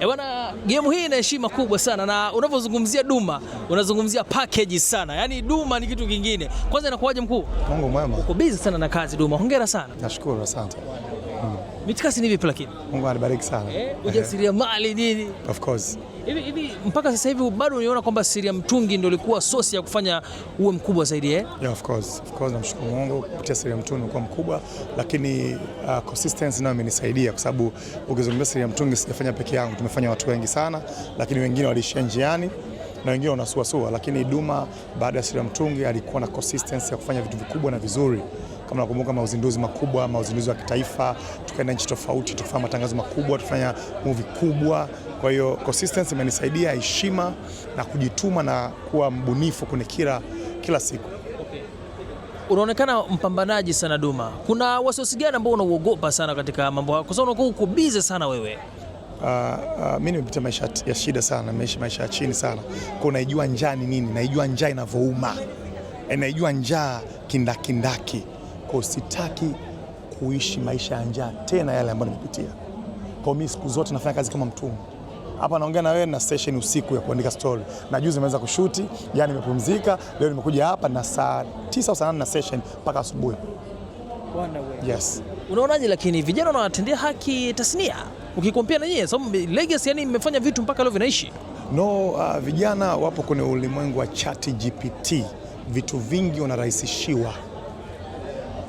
E bwana, gemu hii ina heshima kubwa sana na unavyozungumzia Duma unazungumzia package sana, yaani Duma ni kitu kingine. Kwanza inakuwaje mkuu? Mungu mwema. Uko busy sana na kazi Duma, hongera sana. Nashukuru, asante. Mm. Mitikasi ni vipi lakini? Mungu anibariki sana. Eh, ujasiria mali nini? Of course. Hivi hivi mpaka sasa hivi bado unaona kwamba siri ya mtungi ndio ilikuwa sosi ya kufanya uwe mkubwa zaidi eh? Yeah, of course. Of course namshukuru Mungu kupitia siri ya mtungi nilikuwa mkubwa, lakini uh, consistency nayo imenisaidia kwa sababu ukizungumzia siri ya mtungi sijafanya peke yangu, tumefanya watu wengi sana, lakini wengine walishia njiani na wengine wanasuasua, lakini Duma baada ya siri ya mtungi alikuwa na consistency ya kufanya vitu vikubwa na vizuri kama nakumbuka mauzinduzi makubwa, mauzinduzi wa kitaifa, tukaenda nchi tofauti, tukafanya matangazo makubwa, tukafanya movie kubwa. Kwa hiyo consistency imenisaidia heshima na kujituma na kuwa mbunifu kwenye kila, kila siku. Unaonekana mpambanaji sana Duma, kuna wasiwasi gani ambao unauogopa sana katika mambo yako, kwa sababu unakuwa uko busy sana wewe? Uh, ah, uh, ah, mi nimepita maisha ya shida sana, nimeishi maisha ya chini sana, kwa naijua njaa ni nini, naijua njaa inavyouma, eh, naijua njaa kindakindaki. Kwa sitaki kuishi maisha ya njaa tena yale ambayo nimepitia. Kwa mimi siku zote nafanya kazi kama mtumwa. Hapa naongea na wewe na session usiku ya kuandika story. Na juzi nimeweza kushuti, jana nimepumzika, leo nimekuja hapa na saa 9 au saa na session mpaka asubuhi. Bwana wewe. Yes. Unaonaje lakini vijana wanawatendea haki tasnia? ukikompia na yeye, so legacy yani mmefanya vitu mpaka leo vinaishi. No, uh, vijana wapo kwenye ulimwengu wa chat GPT. Vitu vingi wanarahisishiwa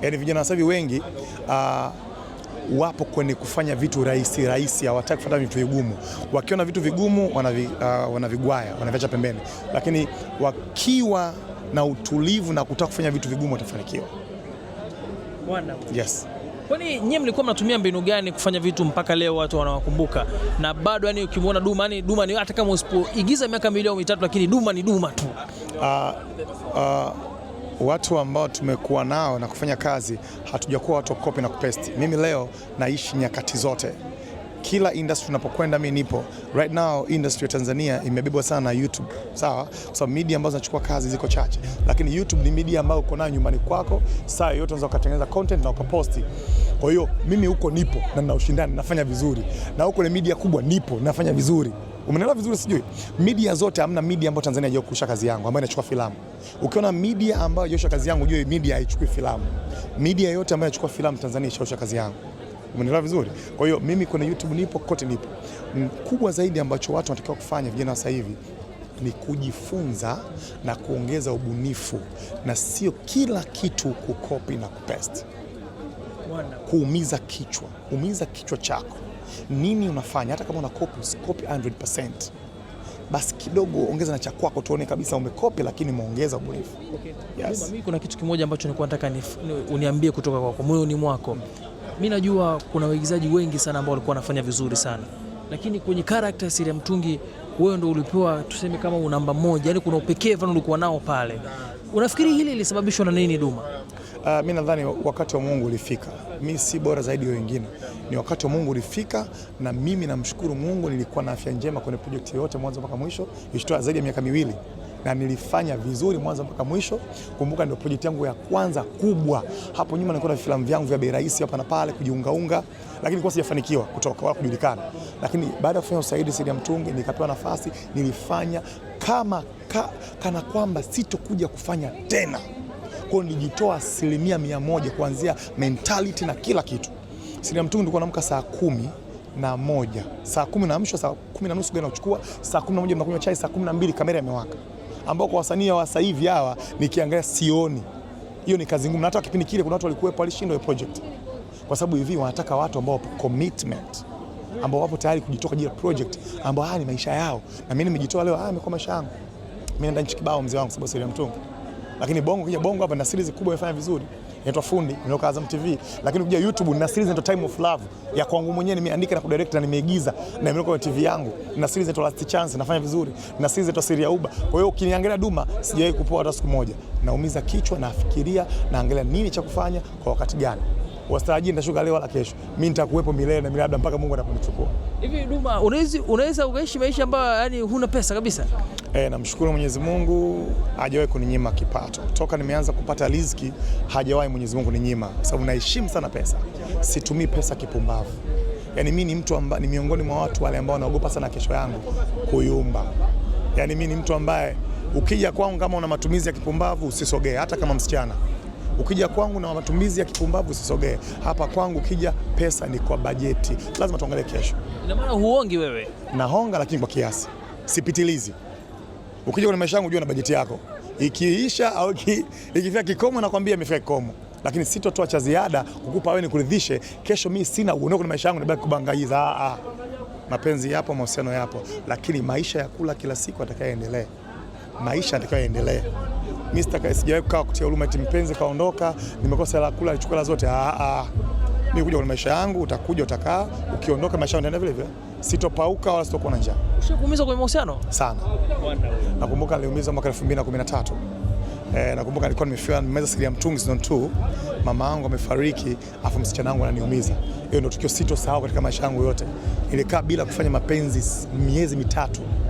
yani vijana sasa hivi wengi uh, wapo kwenye kufanya vitu rahisi rahisi, hawataki kufanya vitu vigumu. Wakiona vitu vigumu ah, wanavigwaya, uh, wanaviacha pembeni, lakini wakiwa na utulivu na kutaka kufanya vitu vigumu watafanikiwa. Yes. Kwani nyie mlikuwa mnatumia mbinu gani kufanya vitu mpaka leo watu wanawakumbuka na bado yani, ukimwona Duma yani Duma ni hata kama usipoigiza miaka miwili au mitatu, lakini Duma ni Duma tu. uh, uh, watu ambao tumekuwa nao na kufanya kazi hatujakuwa watu wa kukopi na kupesti. Mimi leo naishi nyakati zote, kila industry tunapokwenda, mimi nipo right now. Industry ya Tanzania imebebwa sana na YouTube, sawa, kwa sababu media ambazo zinachukua kazi ziko chache, lakini YouTube ni media ambayo uko nayo nyumbani kwako, saa yoyote unaweza ukatengeneza content na ukaposti. Kwa hiyo mimi huko nipo na nina ushindani, nafanya vizuri, na huko ni media kubwa, nipo nafanya vizuri. Umenielewa vizuri sijui? Media zote hamna media ambayo Tanzania haijakusha kazi yangu ambayo inachukua filamu. Ukiona media ambayo haijakusha kazi yangu, ujue media haichukui filamu. Media yote ambayo inachukua filamu Tanzania ishausha kazi yangu. Umenielewa vizuri? Kwa hiyo mimi kwenye YouTube nipo, kote nipo. Kubwa zaidi ambacho watu wanatakiwa kufanya vijana sasa hivi ni kujifunza na kuongeza ubunifu na sio kila kitu kukopi na kupaste. Kuumiza kichwa, umiza kichwa chako nini unafanya, hata kama unakopi usikopi 100%, basi kidogo ongeza na cha kwako tuone kabisa umekopi, lakini umeongeza ubunifu. Okay. Yes. Mimi kuna kitu kimoja ambacho nilikuwa nataka uniambie kutoka kwako moyoni mwako. Mimi najua kuna waigizaji wengi sana ambao walikuwa wanafanya vizuri sana, lakini kwenye karakta Siri ya Mtungi wewe ndo ulipewa tuseme kama unamba moja, yani kuna upekee fulani ulikuwa nao pale. Unafikiri hili lilisababishwa na nini Duma? Uh, mi nadhani wakati wa Mungu ulifika. Mi si bora zaidi ya wengine, ni wakati wa Mungu ulifika, na mimi namshukuru Mungu. Nilikuwa na afya njema kwenye project yote mwanzo mpaka mwisho, ishitoa zaidi ya miaka miwili na nilifanya vizuri mwanzo mpaka mwisho. Kumbuka ndio project yangu ya kwanza kubwa. Hapo nyuma nilikuwa na filamu vyangu vya bei rahisi hapa na pale kujiungaunga, lakini kwa sijafanikiwa kutoka wala kujulikana. Lakini baada ya kufanya usaidi sidi ya mtungi, nikapewa nafasi, nilifanya kama ka, kana kwamba sitokuja kufanya tena kwao nilijitoa asilimia mia moja kuanzia mentality na kila kitu. Siri ya mtungi nilikuwa naamka saa kumi na moja, saa kumi naamshwa, saa kumi na nusu gari nachukua, saa kumi na moja mnakunywa chai, saa kumi na mbili kamera imewaka, ambao kwa wasanii wa sasa hivi hawa nikiangalia sioni. Hiyo ni kazi ngumu, na hata kipindi kile kuna watu walikuwepo walishindwa hiyo project, kwa sababu hivi wanataka watu ambao wapo commitment ambao wapo tayari kujitoa kwa project ambao haya ni maisha yao, na mimi nimejitoa leo, haya yamekuwa maisha yangu. Mimi naenda nchi kibao, mzee wangu, sababu Siri ya Mtungi lakini bongo kija bongo hapa na series kubwa imefanya vizuri inaitwa Fundi inayoka Azam TV, lakini ukija YouTube na series inaitwa Time of Love ya kwangu mwenyewe nimeandika na kudirect na nimeigiza na imewekwa kwenye TV yangu, na series inaitwa Last Chance nafanya vizuri, na series inaitwa Siri ya Uba. Kwa hiyo ukiniangalia Duma sijawahi kupoa hata siku moja, naumiza kichwa, nafikiria, naangalia nini cha kufanya kwa wakati gani wastarajii nitashuka leo wala kesho, mimi nitakuwepo milele na milele, labda mpaka Mungu anaponichukua. Hivi Duma, unaweza ukaishi maisha ambayo yani huna pesa kabisa? E, namshukuru Mwenyezi Mungu hajawahi kuninyima kipato toka nimeanza kupata riziki, hajawahi Mwenyezi Mungu kuninyima, kwa sababu naheshimu sana pesa, situmii pesa kipumbavu. Yaani mimi ni mtu ambaye ni miongoni mwa watu wale ambao wanaogopa sana kesho yangu kuyumba. Yaani mimi ni mtu ambaye ukija kwangu kama una matumizi ya kipumbavu usisogee, hata kama msichana Ukija kwangu na matumizi ya kipumbavu usisogee hapa kwangu. Ukija pesa ni kwa bajeti, lazima tuangalie kesho. Ina maana huongi wewe? Nahonga, lakini kwa kiasi, sipitilizi. Ukija kwenye maisha yangu, jua na bajeti yako, ikiisha au ikifika kikomo, nakwambia imefika kikomo lakini sitotoa cha ziada kukupa wewe nikuridhishe kesho. Mimi sina uone na maisha yangu nabaki kubangaiza. Ah, ah, mapenzi yapo, mahusiano yapo, lakini maisha ya kula kila siku atakayeendelea, maisha atakayoendelea mimi sijawahi kukaa kutia huruma eti mpenzi kaondoka, nimekosa la kula, alichukua zote. Ah, ah, mimi kuja kwa maisha yangu, utakuja utakaa, ukiondoka maisha yanaenda vile vile, sitopauka wala sitokuwa na njaa. Ushakuumiza kwenye mahusiano sana? Nakumbuka niliumiza mwaka 2013. Eh, nakumbuka nilikuwa nimefiwa nimeza siri ya mtungi season 2, mama yangu amefariki, afu msichana wangu ananiumiza. Hiyo ndio tukio sitosahau katika maisha yangu yote. Nilikaa bila kufanya mapenzi miezi mitatu.